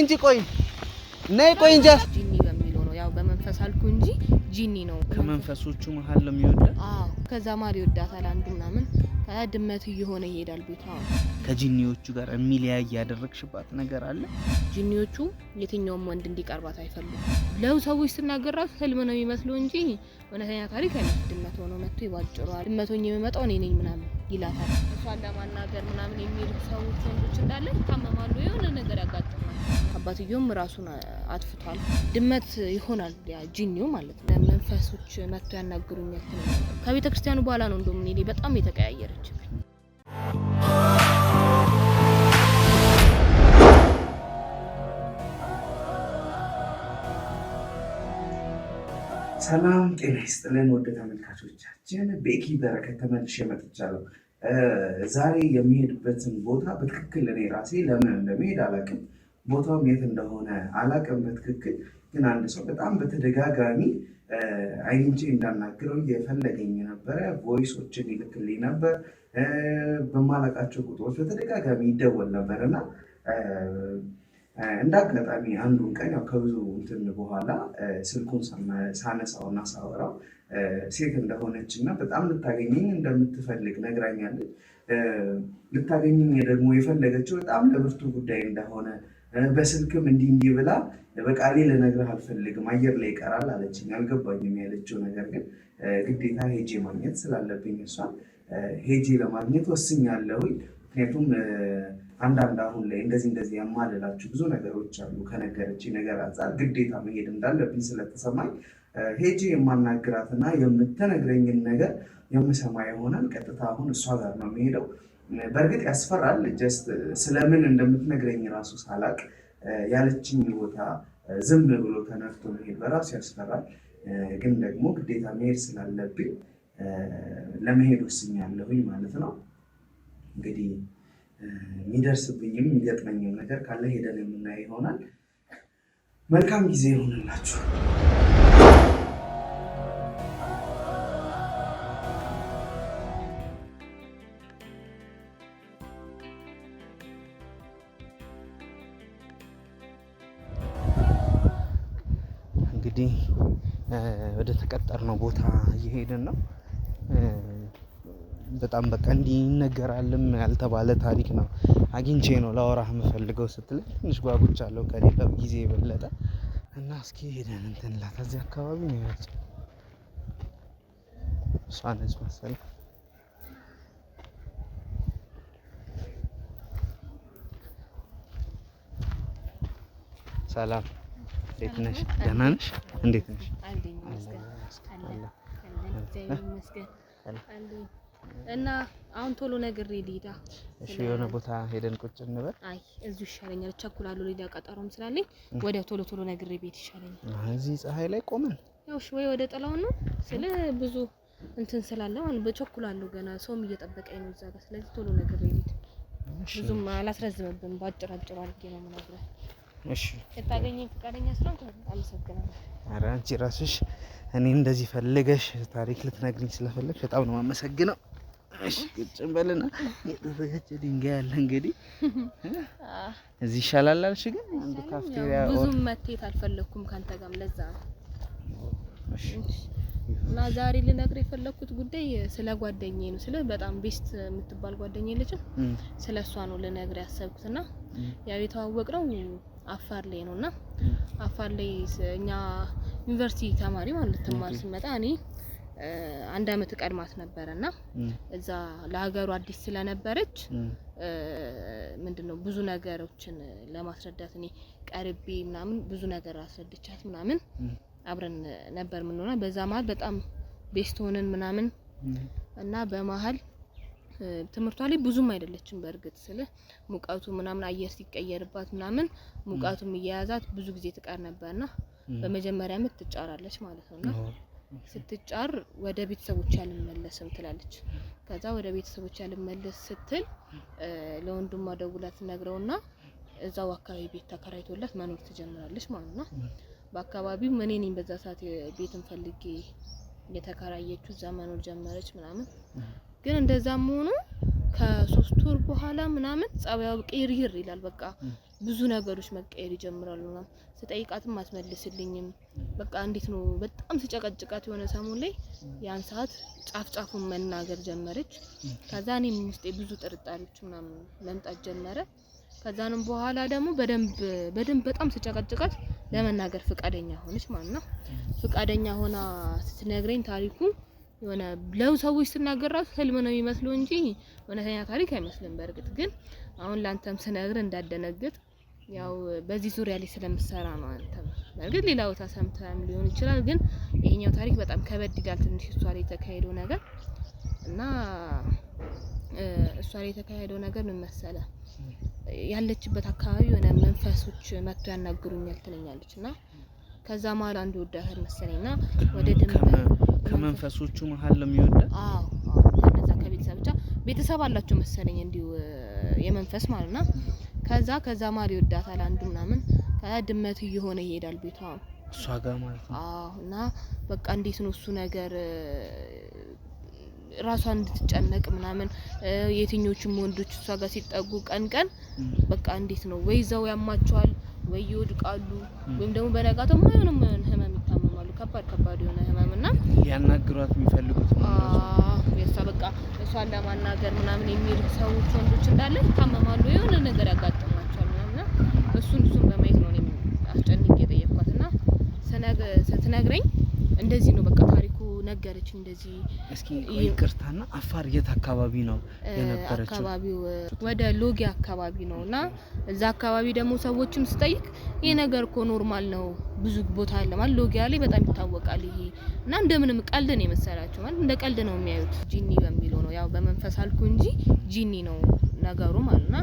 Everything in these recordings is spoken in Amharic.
እንጂ ቆይ ነይ ቆይ እንጂ ጂኒ በሚለው ነው ያው በመንፈስ አልኩ እንጂ ጂኒ ነው። ከመንፈሶቹ መሀል ነው የሚወደው። አዎ ከዛ ማር ይወዳታል አንዱ ምናምን ድመት እየሆነ ይሄዳል ቤቷ። ከጂኒዎቹ ጋር የሚለያይ ያደረግሽባት ነገር አለ? ጂኒዎቹ የትኛውም ወንድ እንዲቀርባት አይፈልጉም። ለው ሰዎች ስናገር ራሱ ህልም ነው የሚመስለው እንጂ እውነተኛ ታሪክ አይነት ድመት ሆኖ መጥቶ ይባጭሯል። ድመቶኝ የሚመጣው እኔ ነኝ ምናምን ይላታል። እሷን ለማናገር ምናምን የሚል ሰዎች ወንዶች እንዳለ ይታመማሉ፣ የሆነ ነገር ያጋጥማል። አባትየውም ራሱን አጥፍቷል። ድመት ይሆናል ጂኒው ማለት ነው። መንፈሶች መጥቶ ያናግሩኛል። ከቤተ ክርስቲያኑ በኋላ ነው እንደምን በጣም የተቀያየረችብኝ ሰላም ጤና ይስጥልን ወደ ተመልካቾቻችን፣ ቤኪ በረከት ተመልሼ መጥቻለሁ። ዛሬ የሚሄድበትን ቦታ በትክክል እኔ ራሴ ለምን እንደሚሄድ አላቅም፣ ቦታውም የት እንደሆነ አላቅም በትክክል ግን አንድ ሰው በጣም በተደጋጋሚ አይንቼ እንዳናግረው የፈለገኝ ነበረ። ቮይሶችን ይልክልኝ ነበር፣ በማላቃቸው ቁጥሮች በተደጋጋሚ ይደወል ነበር እና እንደ አጋጣሚ አንዱን ቀን ያው ከብዙ እንትን በኋላ ስልኩን ሳነሳው እና ሳወራው ሴት እንደሆነች እና በጣም ልታገኘኝ እንደምትፈልግ ነግራኛለች። ልታገኘኝ ደግሞ የፈለገችው በጣም ለብርቱ ጉዳይ እንደሆነ በስልክም እንዲህ እንዲህ ብላ በቃሌ ልነግርህ አልፈልግም፣ አየር ላይ ይቀራል አለችኝ። አልገባኝም ያለችው ነገር ግን ግዴታ ሄጄ ማግኘት ስላለብኝ እሷን ሄጄ ለማግኘት ወስኛለሁኝ ምክንያቱም አንዳንድ አሁን ላይ እንደዚህ እንደዚህ ያማልላችሁ ብዙ ነገሮች አሉ። ከነገረች ነገር አንጻር ግዴታ መሄድ እንዳለብኝ ስለተሰማኝ ሄጂ የማናግራትና የምትነግረኝን ነገር የምሰማ የሆነን ቀጥታ አሁን እሷ ጋር ነው የሚሄደው። በእርግጥ ያስፈራል። ጀስት ስለምን እንደምትነግረኝ ራሱ ሳላቅ ያለችኝ ቦታ ዝም ብሎ ተነፍቶ መሄድ በራሱ ያስፈራል። ግን ደግሞ ግዴታ መሄድ ስላለብኝ ለመሄድ ወስኛለሁኝ ማለት ነው እንግዲህ የሚደርስብኝም የሚገጥመኝም ነገር ካለ ሄደን የምናየው ይሆናል። መልካም ጊዜ ይሆንላችሁ። እንግዲህ ወደ ተቀጠርነው ቦታ እየሄድን ነው። በጣም በቃ እንዲህ ይነገራልም ያልተባለ ታሪክ ነው አግኝቼ ነው ላወራህ የምፈልገው ስትለኝ ትንሽ ጓጉቻለሁ ከሌላ ጊዜ የበለጠ እና እስኪ ሄደን እንትን እዚህ አካባቢ ነው ያች እሷ ነች መሰለኝ ሰላም እንዴት ነሽ? ደህና ነሽ? እንዴት ነሽ? እና አሁን ቶሎ ነግሬ ልሂዳ። እሺ፣ የሆነ ቦታ ሄደን ቁጭ እንበል። አይ፣ እዚሁ ይሻለኛል፣ እቸኩላለሁ። ሌላ ቀጠሮም ስላለኝ ወዲያው ቶሎ ቶሎ ነግሬ ቤት ይሻለኛል። እዚህ ፀሐይ ላይ ቆመን ያው ወይ ወደ ጥላውን ነው ስለ ብዙ እንትን ስላለ አሁን በቸኩላለሁ። ገና ሰውም እየጠበቀኝ ነው እዛ ጋር። ስለዚህ ቶሎ ነግሬ ልሂድ። ብዙም አላስረዝምብን፣ ባጭር አጭር አድርጌ ነው የምነግርህ። እሺ፣ ልታገኘኝ ፈቃደኛ ስለሆንክ አመሰግናለሁ። ኧረ አንቺ ራስሽ እኔ እንደዚህ ፈልገሽ ታሪክ ልትነግሪኝ ስለፈለግሽ በጣም ነው የማመሰግነው። ቁጭ በልና የተዘጋጀ ድንጋይ አለ እንግዲህ እዚህ ይሻላል አልሽ። ግን አንድ ካፍቴሪያ ብዙም መተየት አልፈለኩም ካንተ ጋርም ለዛ ነው እና ዛሬ ልነግር የፈለኩት ጉዳይ ስለ ጓደኛዬ ነው። ስለ በጣም ቤስት የምትባል ጓደኛዬ ልጅም ስለ እሷ ነው ልነግር ያሰብኩትና ያው የተዋወቅነው አፋር ላይ ነውና አፋር ላይ እኛ ዩኒቨርሲቲ ተማሪ ማለት ትማር ሲመጣ እኔ አንድ አመት ቀድማት ነበረና እዛ ለሀገሩ አዲስ ስለነበረች ምንድነው ብዙ ነገሮችን ለማስረዳት እኔ ቀርቤ ምናምን ብዙ ነገር አስረድቻት ምናምን አብረን ነበር የምንሆነ በዛ መሀል በጣም ቤስት ሆነን ምናምን እና በመሀል ትምህርቷ ላይ ብዙም አይደለችም። በእርግጥ ስለ ሙቀቱ ምናምን አየር ሲቀየርባት ምናምን ሙቀቱም እየያዛት ብዙ ጊዜ ትቀር ነበርና በመጀመሪያ አመት ትጫራለች ማለት ነው። ስትጫር ወደ ቤተሰቦች ያልመለስም ትላለች። ከዛ ወደ ቤተሰቦች ያልመለስ ስትል ለወንድሟ ደውላ ትነግረውና እዛው አካባቢ ቤት ተከራይቶላት መኖር ትጀምራለች ማለት ነው። በአካባቢው እኔ ነኝ በዛ ሰዓት ቤትን ፈልጌ የተከራየችው እዛ መኖር ጀመረች ምናምን። ግን እንደዛም ሆኖ ከሶስት ወር በኋላ ምናምን ጸባያው ቅይርይር ይላል። በቃ ብዙ ነገሮች መቀየር ይጀምራሉ። ና ስጠይቃትም አትመልስልኝም። በቃ እንዴት ነው በጣም ስጨቀጭቃት የሆነ ሰሞን ላይ ያን ሰዓት ጫፍ ጫፉን መናገር ጀመረች። ከዛ እኔም ውስጤ ብዙ ጥርጣሬዎች ምናምን መምጣት ጀመረ። ከዛንም በኋላ ደግሞ በደንብ በደንብ በጣም ስጨቀጭቃት ለመናገር ፍቃደኛ ሆነች ማለት ነው። ፍቃደኛ ሆና ስትነግረኝ ታሪኩ የሆነ ለው ሰዎች ስናገራት ህልም ነው የሚመስለው እንጂ እውነተኛ ታሪክ አይመስልም። በእርግጥ ግን አሁን ላንተም ስነግር እንዳደነግጥ ያው በዚህ ዙሪያ ላይ ስለምሰራ ነው። አንተ በእርግጥ ሌላ ቦታ ሰምተም ሊሆን ይችላል፣ ግን ይሄኛው ታሪክ በጣም ከበድ ይላል ትንሽ እሷ ላይ የተካሄደው ነገር እና እሷ ላይ የተካሄደው ነገር ምን መሰለ፣ ያለችበት አካባቢ የሆነ መንፈሶች መጥቶ ያናግሩኛል ትለኛለች እና ከዛ መሀል አንዱ ወዳህል መሰለኝና ወደ ድንበር ከመንፈሶቹ መሀል ለሚወደ አዎ ከነዛ ከቤተሰብ ብቻ ቤተሰብ አላቸው መሰለኝ እንዲሁ የመንፈስ ማለት ነው ከዛ ከዛ ማር ይወዳታል አንዱ ምናምን ድመት እየሆነ ይሄዳል ቤቷ እሷ ጋር ማለት ነው። እና በቃ እንዴት ነው እሱ ነገር ራሷን እንድትጨነቅ ምናምን የትኞቹም ወንዶች እሷ ጋር ሲጠጉ ቀን ቀን በቃ እንዴት ነው ወይ ዘው ያማቸዋል ወይ ይወድቃሉ ወይም ደግሞ በነጋታው የማይሆን የማይሆን ህመም ይታመማሉ። ከባድ ከባድ የሆነ ህመም እና ያናግሯት የሚፈልጉት ነው እሷ በቃ እሷን ለማናገር ምናምን የሚል ሰዎች ወንዶች እንዳለ ይታመማሉ፣ የሆነ ነገር ያጋጥማቸዋል ምናምና እሱን እሱን በማየት ነው እኔም አስጨንቄ የጠየኳት እና ስትነግረኝ እንደዚህ ነው በቃ ነገረች። እንደዚህ እስኪ ይቅርታና አፋር የት አካባቢ ነው የነበረችው? አካባቢው ወደ ሎጊ አካባቢ ነው እና እዛ አካባቢ ደግሞ ሰዎችም ስጠይቅ ይህ ነገር እኮ ኖርማል ነው ብዙ ቦታ አለ ማለት ሎጊያ ላይ በጣም ይታወቃል ይሄ እና እንደምንም ቀልድ ነው የመሰላቸው ማለት እንደ ቀልድ ነው የሚያዩት። ጂኒ በሚለው ነው ያው በመንፈስ አልኩ እንጂ ጂኒ ነው ነገሩ ማለት ና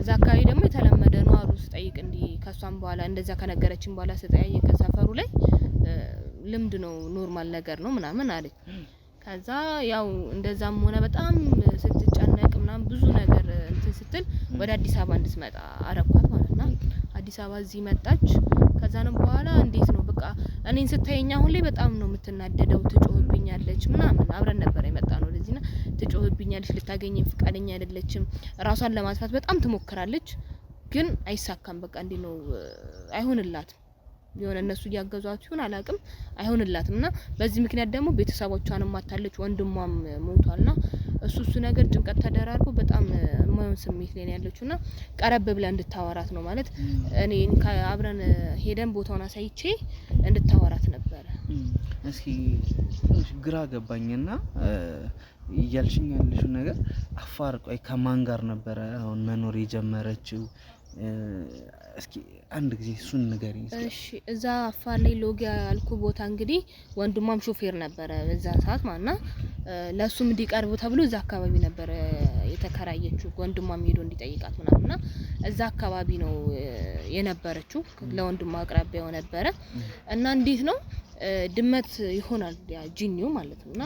እዛ አካባቢ ደግሞ የተለመደ ነው አሉ ስጠይቅ እንዲህ ከሷም በኋላ እንደዚያ ከነገረችን በኋላ ስጠያየቀ ሰፈሩ ላይ ልምድ ነው ኖርማል ነገር ነው ምናምን አለኝ። ከዛ ያው እንደዛም ሆነ በጣም ስትጨነቅ ምናምን ብዙ ነገር እንትን ስትል ወደ አዲስ አበባ እንድትመጣ አረኳት ማለት ነው። አዲስ አበባ እዚህ መጣች። ከዛንም በኋላ እንዴት ነው በቃ እኔን ስታየኝ አሁን ላይ በጣም ነው የምትናደደው። ትጮህብኛለች ምናምን አብረን ነበር የመጣ ነው ወደዚህ ትጮህብኛለች። ልታገኘኝ ፍቃደኛ አይደለችም። ራሷን ለማጥፋት በጣም ትሞክራለች፣ ግን አይሳካም። በቃ እንዴ ነው አይሆንላትም። የሆነ እነሱ እያገዟት ይሁን አላቅም አይሆንላትም እና በዚህ ምክንያት ደግሞ ቤተሰቦቿንም አታለች፣ ወንድሟም ሞቷልና እሱ እሱ ነገር ጭንቀት ተደራርቦ በጣም የማይሆን ስሜት ላይ ያለችው እና ቀረብ ብለ እንድታወራት ነው ማለት እኔ አብረን ሄደን ቦታውን አሳይቼ እንድታወራት ነበረ። እስኪ ግራ ገባኝና እያልሽኝ ያለሽው ነገር አፋር ቆይ ከማን ጋር ነበረ አሁን መኖር የጀመረችው? እስኪ አንድ ጊዜ እሱን ንገሪኝ። እሺ እዛ አፋር ላይ ሎጊያ ያልኩ ቦታ እንግዲህ ወንድሟም ሾፌር ነበረ በዛ ሰዓት ማና ለእሱም እንዲቀርቡ ተብሎ እዛ አካባቢ ነበረ የተከራየችው። ወንድሟም ሄዶ እንዲጠይቃት ምናምና እዛ አካባቢ ነው የነበረችው። ለወንድሟ አቅራቢያው ነበረ እና እንዴት ነው ድመት ይሆናል ያ ጂኒው ማለት ነው እና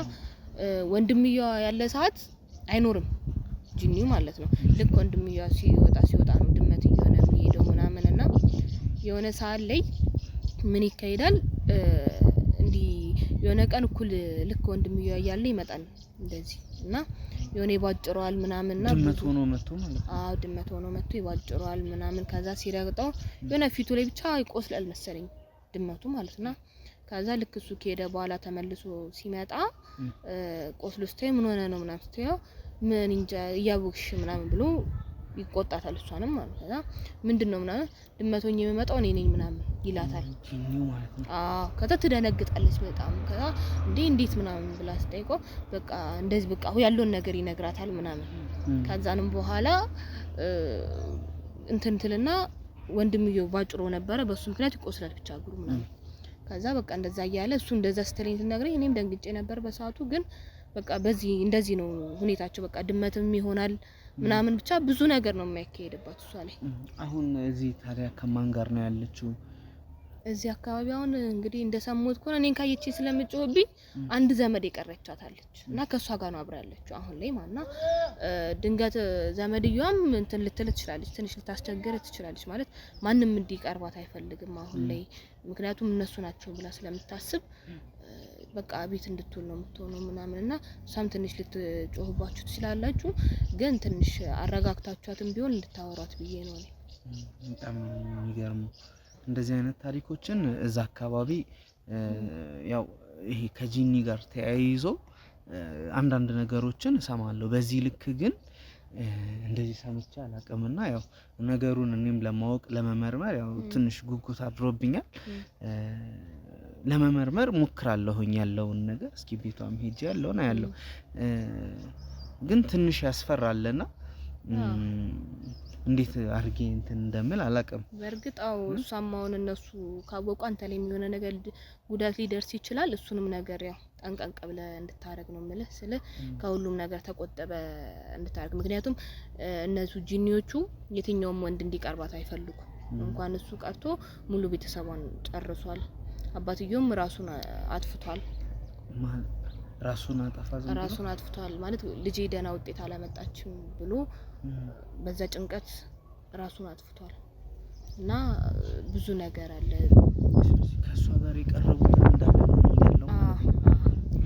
ወንድምየዋ ያለ ሰዓት አይኖርም ጂኒው ማለት ነው። ልክ ወንድምየዋ ሲወጣ ሲወጣ ነው ድመት የሆነ ሰዓት ላይ ምን ይካሄዳል? እንዲህ የሆነ ቀን እኩል ልክ ወንድም እያለ ይመጣል እንደዚህ እና የሆነ ይቧጭሯል ምናምን እና ድመት ሆኖ መጥቶ ማለት ነው። አዎ ድመት ሆኖ መጥቶ ይቧጭሯል ምናምን። ከዛ ሲረግጠው የሆነ ፊቱ ላይ ብቻ ይቆስላል መሰለኝ ድመቱ ማለት ና ከዛ ልክ እሱ ከሄደ በኋላ ተመልሶ ሲመጣ ቆስሎ ስታይ ምን ሆነ ነው ምናምን ስትለው ምን እንጃ እያቦክሽ ምናምን ብሎ ይቆጣታል። እሷንም ማለት ነው። ምንድን ነው ምናምን ድመቶኝ የሚመጣው እኔ ነኝ ምናምን ይላታል። አዎ ከዛ ትደነግጣለች በጣም ከዛ እንዴ እንዴት ምናምን ብላ ስጠይቀው በቃ እንደዚህ በቃ ያለውን ነገር ይነግራታል ምናምን። ከዛንም በኋላ እንትን ትልና ወንድምየው ባጭሮ ነበረ በሱ ምክንያት ይቆስላል ብቻ እግሩ ምናምን ከዛ በቃ እንደዛ እያለ እሱ እንደዛ ስትለኝ ትነግረኝ እኔም ደንግጬ ነበር በሰዓቱ ግን በቃ በዚህ እንደዚህ ነው ሁኔታቸው። በቃ ድመትም ይሆናል ምናምን ብቻ ብዙ ነገር ነው የሚያካሄድባት እሷ ላይ። አሁን እዚህ ታዲያ ከማን ጋር ነው ያለችው? እዚህ አካባቢ አሁን እንግዲህ እንደሰሙት ከሆነ እኔን ካየች ስለምጮህብኝ አንድ ዘመድ የቀረቻታለች እና ከእሷ ጋር ነው አብራለች አሁን ላይ ማና ድንገት ዘመድየዋም እንትን ልትል ትችላለች፣ ትንሽ ልታስቸግር ትችላለች። ማለት ማንም እንዲቀርባት አይፈልግም አሁን ላይ ምክንያቱም እነሱ ናቸው ብላ ስለምታስብ በቃ ቤት እንድትሆን ነው የምትሆነው ምናምን እና እሷም ትንሽ ልትጮህባችሁ ትችላላችሁ። ግን ትንሽ አረጋግታችኋትም ቢሆን እንድታወሯት ብዬ ነው በጣም የሚገርመው እንደዚህ አይነት ታሪኮችን እዛ አካባቢ ያው ይሄ ከጂኒ ጋር ተያይዞ አንዳንድ ነገሮችን እሰማለሁ። በዚህ ልክ ግን እንደዚህ ሰምቼ አላቅምና ያው ነገሩን እኔም ለማወቅ ለመመርመር ያው ትንሽ ጉጉት አድሮብኛል። ለመመርመር ሞክራለሁኝ ያለውን ነገር እስኪ ቤቷም ሄጄ ያለውን አያለው፣ ግን ትንሽ ያስፈራለና እንዴት አድርጌ እንትን እንደምል አላውቅም። በእርግጥ አዎ፣ እሷም አሁን እነሱ ካወቁ አንተ ላይ የሚሆነ ነገር ጉዳት ሊደርስ ይችላል። እሱንም ነገር ያው ጠንቀቅ ብለህ እንድታረግ ነው የምልህ። ስለ ከሁሉም ነገር ተቆጠበ እንድታረግ ምክንያቱም እነሱ ጂኒዎቹ የትኛውም ወንድ እንዲቀርባት አይፈልጉ። እንኳን እሱ ቀርቶ ሙሉ ቤተሰቧን ጨርሷል። አባትየውም ራሱን አጥፍቷል። ራሱን አጥፍቷል ማለት ልጄ ደህና ውጤት አላመጣችም ብሎ በዛ ጭንቀት ራሱን አጥፍቷል እና ብዙ ነገር አለ። ከእሷ ጋር የቀረቡት እንዳለ ነው።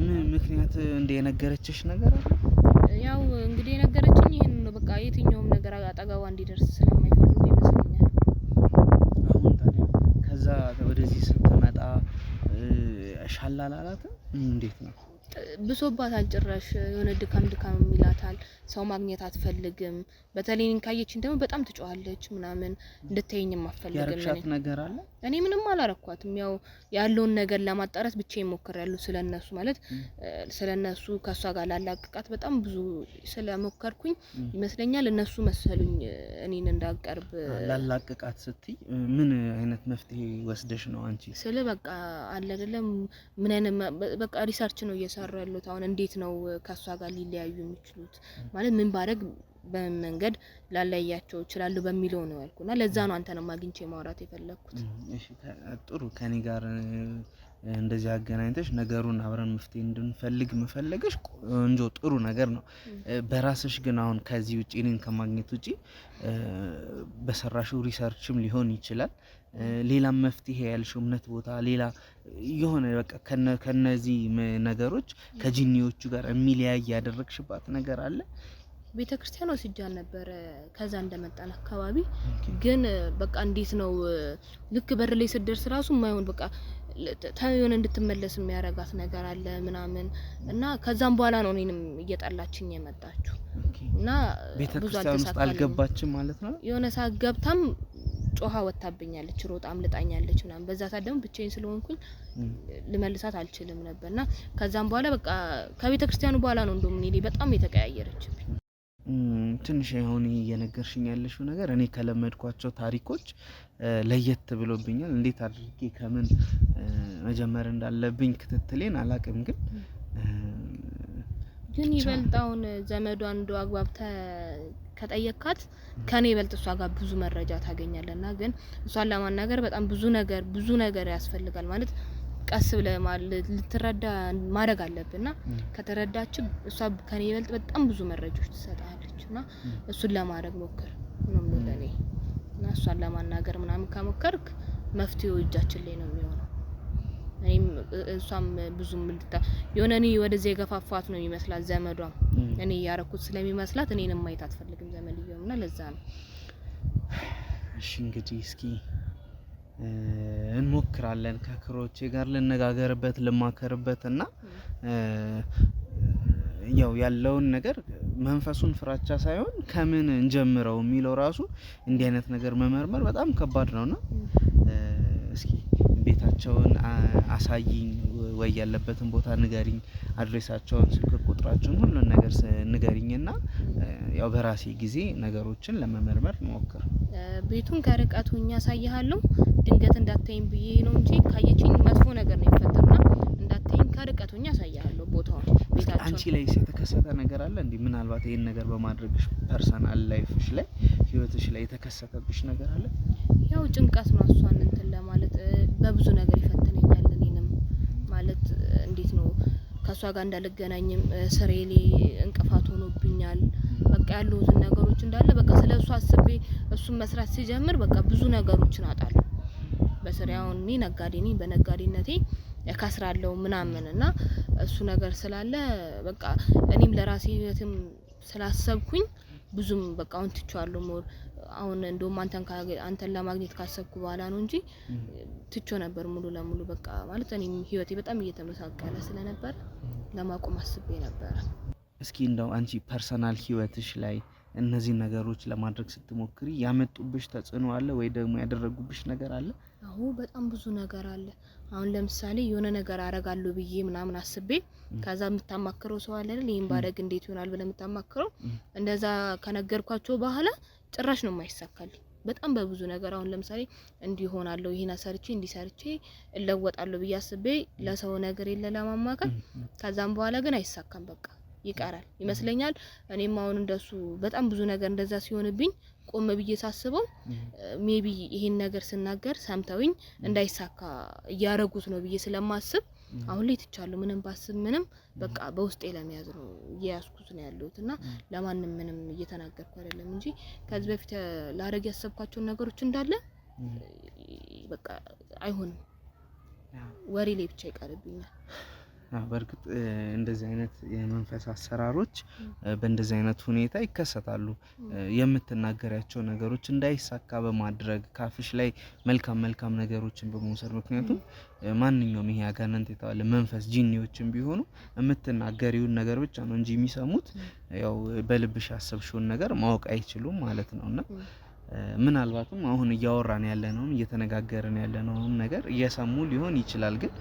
ምን ምክንያት እንደ የነገረችሽ ነገር አለ? ያው እንግዲህ የነገረችኝ ይህን ነው። በቃ የትኛውም ነገር አጠገቧ እንዲደርስ ስለማይፈልጉ ይመስለኛል። አሁን ታዲያ ከዛ ወደዚህ ስትመጣ ሻላላላት እንዴት ነው? ብሶባታል። ጭራሽ የሆነ ድካም ድካም ይላታል። ሰው ማግኘት አትፈልግም። በተለይ ካየችን ደግሞ በጣም ትጮዋለች ምናምን። እንድታየኝም አትፈልግም። ነገር አለ እኔ ምንም አላረኳትም። ያው ያለውን ነገር ለማጣራት ብቻ ይሞክራለሁ። ስለነሱ ማለት ስለነሱ ከሷ ጋር ላላቅቃት በጣም ብዙ ስለሞከርኩኝ ይመስለኛል እነሱ መሰሉኝ እኔን እንዳቀርብ። ላላቅቃት ስትይ ምን አይነት መፍትሄ ወስደሽ ነው አንቺ? ስለ በቃ አለ አይደለም ምን አይነት በቃ ሪሰርች ነው እየሰራ እየሰሩ ያሉት? አሁን እንዴት ነው ከእሷ ጋር ሊለያዩ የሚችሉት? ማለት ምን ባረግ በምን መንገድ ላለያቸው ይችላሉ በሚለው ነው ያልኩና ለዛ ነው አንተ ነው ማግኝቼ ማውራት የፈለግኩት። ጥሩ ከኔ ጋር እንደዚህ አገናኝተሽ ነገሩን አብረን መፍትሄ እንድንፈልግ መፈለገሽ እንጆ ጥሩ ነገር ነው። በራስሽ ግን አሁን ከዚህ ውጭ እኔን ከማግኘት ውጭ በሰራሽው ሪሰርችም ሊሆን ይችላል ሌላም መፍትሄ ያልሽው እምነት ቦታ ሌላ የሆነ በቃ ከነዚህ ነገሮች ከጂኒዎቹ ጋር የሚለያይ ያደረግሽባት ነገር አለ? ቤተ ክርስቲያን ወስጃል ነበረ ከዛ እንደመጣን አካባቢ ግን በቃ እንዴት ነው ልክ በር ላይ ስደርስ ራሱ የማይሆን በቃ የሆነ እንድትመለስ የሚያረጋት ነገር አለ ምናምን እና ከዛም በኋላ ነው እኔንም እየጠላችኝ የመጣችሁ እና ቤተ ክርስቲያን ውስጥ አልገባችም ማለት ነው። የሆነ ሰዓት ገብታም ጮሃ ወታብኛለች፣ ሮጣ አምልጣኛለች ምናምን። በዛ ሰዓት ደግሞ ብቻዬን ስለሆንኩኝ ልመልሳት አልችልም ነበርና ከዛም በኋላ በቃ ከቤተ ክርስቲያኑ በኋላ ነው እንደውም እኔ በጣም የተቀያየረችብኝ። ትንሽ አሁን እየነገርሽኝ ያለሽው ነገር እኔ ከለመድኳቸው ታሪኮች ለየት ብሎብኛል። እንዴት አድርጌ ከምን መጀመር እንዳለብኝ ክትትሌን አላቅም ግን ግን ይበልጣውን ዘመዷ እንደው አግባብተ ከጠየካት ከኔ ይበልጥ እሷ ጋር ብዙ መረጃ ታገኛለና፣ ግን እሷን ለማናገር በጣም ብዙ ነገር ብዙ ነገር ያስፈልጋል ማለት ቀስ ብለ ልትረዳ ማድረግ አለብና ከተረዳች እሷ ከኔ ይበልጥ በጣም ብዙ መረጃዎች ትሰጣለች እና እሱን ለማድረግ ሞክር ነው ለኔ እና እሷን ለማናገር ምናምን ከሞከርክ መፍትሄው እጃችን ላይ ነው የሚሆነው። እኔም እሷም ብዙም እንድታ የሆነ እኔ ወደዚያ የገፋፋት ነው የሚመስላት ዘመዷ እኔ እያረኩት ስለሚመስላት እኔንም ማየት አትፈልግም ዘመድየውም እና ለዛ ነው። እሺ እንግዲህ እስኪ እንሞክራለን ከክሮቼ ጋር ልነጋገርበት ልማከርበት እና ያው ያለውን ነገር መንፈሱን ፍራቻ ሳይሆን ከምን እንጀምረው የሚለው ራሱ እንዲህ አይነት ነገር መመርመር በጣም ከባድ ነውና እስኪ ቤታቸውን አሳይኝ ወይ ያለበትን ቦታ ንገሪኝ፣ አድሬሳቸውን፣ ስልክ ቁጥራቸውን፣ ሁሉን ነገር ንገሪኝ እና ያው በራሴ ጊዜ ነገሮችን ለመመርመር ሞክር። ቤቱን ከርቀቱ እኛ አሳይሃለሁ፣ ድንገት እንዳታይኝ ብዬ ነው እንጂ ካየችኝ መጥፎ ነገር ነው የሚፈጠርና እንዳታይኝ ከርቀቱኛ አሳይሃለሁ ቦታውን ቤታቸው። አንቺ ላይ የተከሰተ ነገር አለ እንዲህ ምናልባት ይህን ነገር በማድረግሽ ፐርሰናል ላይፍሽ ላይ ህይወትሽ ላይ የተከሰተብሽ ነገር አለ? ያው ጭንቀት ነው እሷን እንትን ለማለት ብዙ ነገር ይፈትነኛል። እኔንም ማለት እንዴት ነው ከእሷ ጋር እንዳልገናኝም ስሬሌ እንቅፋት ሆኖብኛል። በቃ ያለሁትን ነገሮች እንዳለ በቃ ስለ እሱ አስቤ እሱን መስራት ሲጀምር በቃ ብዙ ነገሮችን አጣለሁ። በስሪያውን እኔ ነጋዴ ነኝ፣ በነጋዴነቴ እከስራለሁ ምናምን እና እሱ ነገር ስላለ በቃ እኔም ለራሴ ህይወትም ስላሰብኩኝ ብዙም በቃ አሁን ትቼዋለሁ። ሞር አሁን እንደውም አንተን አንተን ለማግኘት ካሰብኩ በኋላ ነው እንጂ ትቼው ነበር ሙሉ ለሙሉ በቃ ማለት እኔም ህይወቴ በጣም እየተመሳቀለ ስለነበር ለማቆም አስቤ ነበረ። እስኪ እንደው አንቺ ፐርሰናል ህይወትሽ ላይ እነዚህ ነገሮች ለማድረግ ስትሞክሪ ያመጡብሽ ተጽዕኖ አለ ወይ ደግሞ ያደረጉብሽ ነገር አለ? አዎ በጣም ብዙ ነገር አለ። አሁን ለምሳሌ የሆነ ነገር አረጋለሁ ብዬ ምናምን አስቤ ከዛ የምታማክረው ሰው አለ አይደል? ይህን ባደግ እንዴት ይሆናል ብለ የምታማክረው እንደዛ ከነገርኳቸው በኋላ ጭራሽ ነው የማይሳካልኝ። በጣም በብዙ ነገር አሁን ለምሳሌ እንዲሆናለሁ ይህን አሰርቼ እንዲሰርቼ እለወጣለሁ ብዬ አስቤ ለሰው ነገር የለ ለማማከል ከዛም በኋላ ግን አይሳካም፣ በቃ ይቀራል ይመስለኛል። እኔም አሁን እንደሱ በጣም ብዙ ነገር እንደዛ ሲሆንብኝ ቆም ብዬ ሳስበው ሜቢ ይሄን ነገር ስናገር ሰምተውኝ እንዳይሳካ እያረጉት ነው ብዬ ስለማስብ አሁን ላይ ትቻለሁ። ምንም ባስብ ምንም በቃ በውስጤ ለመያዝ ነው እየያዝኩት ነው ያለሁት እና ለማንም ምንም እየተናገርኩ አይደለም እንጂ ከዚህ በፊት ላረግ ያሰብኳቸውን ነገሮች እንዳለ በቃ አይሆንም፣ ወሬ ላይ ብቻ ይቀርብኛል። በእርግጥ እንደዚህ አይነት የመንፈስ አሰራሮች በእንደዚህ አይነት ሁኔታ ይከሰታሉ። የምትናገሪያቸው ነገሮች እንዳይሳካ በማድረግ ካፍሽ ላይ መልካም መልካም ነገሮችን በመውሰድ ምክንያቱም ማንኛውም ይሄ አጋንንት የተባለ መንፈስ ጂኒዎችን ቢሆኑ የምትናገሪውን ነገር ብቻ ነው እንጂ የሚሰሙት ያው በልብሽ ያሰብሽውን ነገር ማወቅ አይችሉም ማለት ነው እና ምናልባትም አሁን እያወራን ያለነውን እየተነጋገርን ያለነውን ነገር እየሰሙ ሊሆን ይችላል። ግን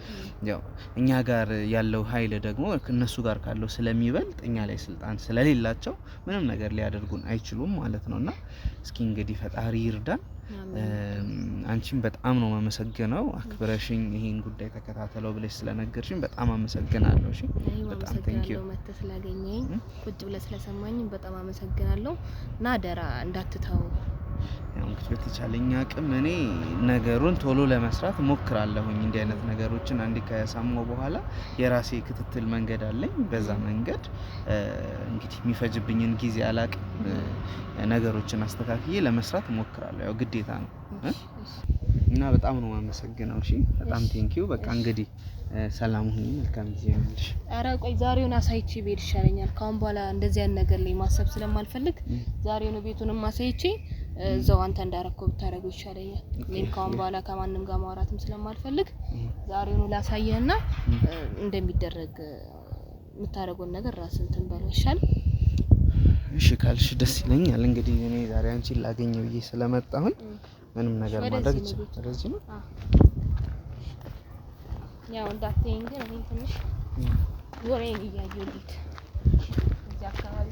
ያው እኛ ጋር ያለው ኃይል ደግሞ እነሱ ጋር ካለው ስለሚበልጥ እኛ ላይ ስልጣን ስለሌላቸው ምንም ነገር ሊያደርጉን አይችሉም ማለት ነው። እና እስኪ እንግዲህ ፈጣሪ ይርዳን። አንቺም በጣም ነው ማመሰግነው፣ አክብረሽኝ ይሄን ጉዳይ ተከታተለው ብለሽ ስለነገርሽኝ በጣም አመሰግናለሁ። እሺ፣ በጣም ቴንኪዩ መጥተ ስላገኘኝ ቁጭ ብለ ስለሰማኝ በጣም አመሰግናለሁ። እና አደራ እንዳትተው እንግዲህ በተቻለኝ አቅም እኔ ነገሩን ቶሎ ለመስራት ሞክራለሁኝ። እንዲህ አይነት ነገሮችን አንድ ከሰማሁ በኋላ የራሴ ክትትል መንገድ አለኝ። በዛ መንገድ እንግዲህ የሚፈጅብኝን ጊዜ አላቅም፣ ነገሮችን አስተካክዬ ለመስራት ሞክራለሁ። ያው ግዴታ ነው እና በጣም ነው የማመሰግነው። እሺ፣ በጣም ቴንኪዩ። በቃ እንግዲህ ሰላም ሁኚ። መልካም ጊዜ ይሁንልሽ። ኧረ ቆይ ዛሬውን አሳይቼ ቤት ይሻለኛል። ካሁን በኋላ እንደዚህ አይነት ነገር ላይ ማሰብ ስለማልፈልግ ዛሬውን ቤቱንም አሳይቼ እዛው አንተ እንዳረከው ብታደርገው ይሻለኛል። እኔም ከአሁን በኋላ ከማንም ጋር ማውራትም ስለማልፈልግ ዛሬውኑ ላሳየህና እንደሚደረግ የምታደርገውን ነገር ራስህ እንትን በለው ይሻል። እሺ ካልሽ ደስ ይለኛል። እንግዲህ እኔ ዛሬ አንቺን ላገኘ ብዬ ስለመጣሁኝ ምንም ነገር ማድረግ ይችላል። ስለዚህ ነው ያው እንዳትይኝ፣ ግን እኔ ትንሽ ወሬን እያየሁ ልሂድ እዚህ አካባቢ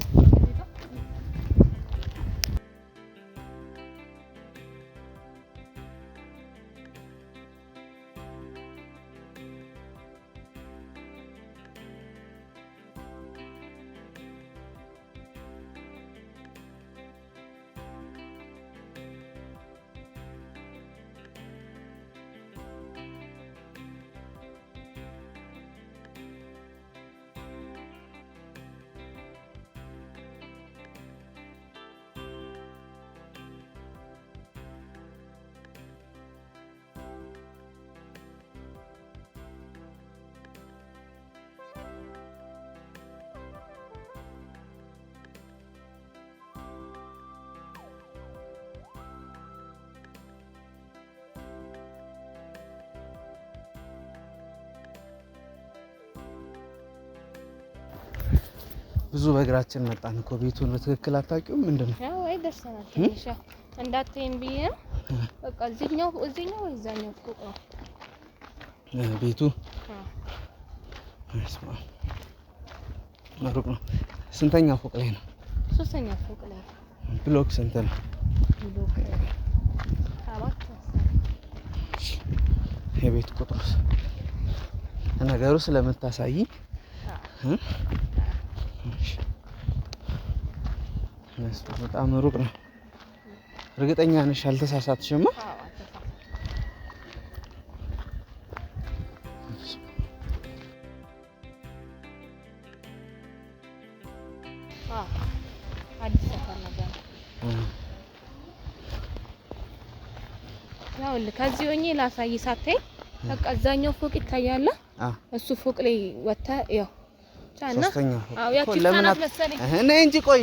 ብዙ በእግራችን መጣን እኮ ቤቱን በትክክል አታውቂውም። ምንድን ነው ያው አይ ደርሰናል። ትንሽ እንዳትይም ብዬ ነው። በቃ እዚህኛው እዚህኛው ወይ እዛኛው ፎቅ ነው ቤቱ። ሩቅ ነው። ስንተኛ ፎቅ ላይ ነው? ሶስተኛ ፎቅ ላይ። ብሎክ ስንት ነው? የቤት ቁጥር ነገሩ ስለምታሳይ በጣም ሩቅ ነው። እርግጠኛ ነሽ አልተሳሳትሽማ? ከዚህ ሆኜ ላሳይ ሳታይ በቃ እዛኛው ፎቅ ይታያል። እሱ ፎቅ ላይ ወጣ ያው ቻና አዎ ያቺ ታናት መሰለኝ እኔ እንጂ ቆይ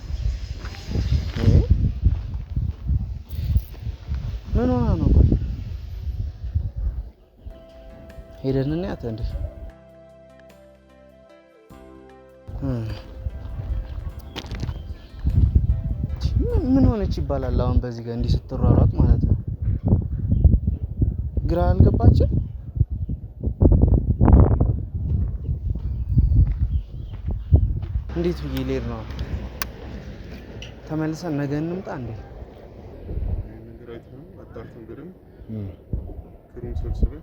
ሄደን እናያት እንዴ። ምን ሆነች ይባላል አሁን በዚህ ጋር እንዲህ ስትሯሯጥ ማለት ነው። ግራ አልገባችን። እንዴት ብዬ ልሄድ ነው? ተመልሰን ነገ እንምጣ እንዴ? ሰብስበን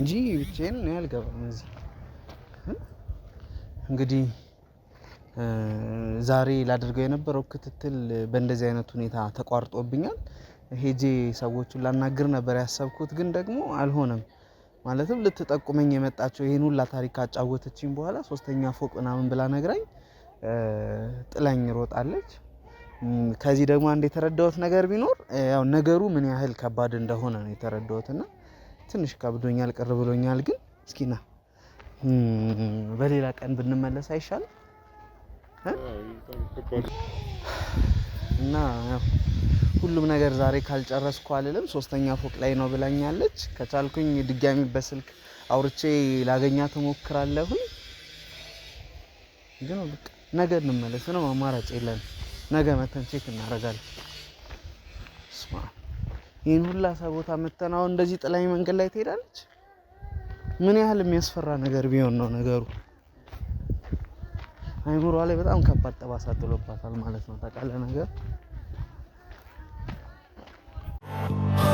እንጂ ብቻዬን እኔ አልገባም እዚህ። እንግዲህ ዛሬ ላደርገው የነበረው ክትትል በእንደዚህ አይነት ሁኔታ ተቋርጦብኛል። ሄጄ ሰዎቹን ላናግር ነበር ያሰብኩት፣ ግን ደግሞ አልሆነም። ማለትም ልትጠቁመኝ የመጣቸው ይህን ሁላ ታሪክ አጫወተችኝ በኋላ ሶስተኛ ፎቅ ምናምን ብላ ነግራኝ ጥላኝ ሮጣለች። ከዚህ ደግሞ አንድ የተረዳሁት ነገር ቢኖር ያው ነገሩ ምን ያህል ከባድ እንደሆነ ነው የተረዳሁትና ትንሽ ከብዶኛል፣ ቅር ብሎኛል። ግን እስኪና በሌላ ቀን ብንመለስ አይሻልም? እና ሁሉም ነገር ዛሬ ካልጨረስኩ አልልም። ሶስተኛ ፎቅ ላይ ነው ብላኛለች። ከቻልኩኝ ድጋሚ በስልክ አውርቼ ላገኛ እሞክራለሁኝ። ግን ነገ እንመለስ ነው፣ አማራጭ የለን። ነገ መተን ቼክ እናደርጋለን። ይህን ሁላ ቦታ መተን እንደዚህ ጥላኝ መንገድ ላይ ትሄዳለች። ምን ያህል የሚያስፈራ ነገር ቢሆን ነው ነገሩ። አይምሯ ላይ በጣም ከባድ ጠባሳ ጥሎባታል ማለት ነው። ታውቃለህ ነገር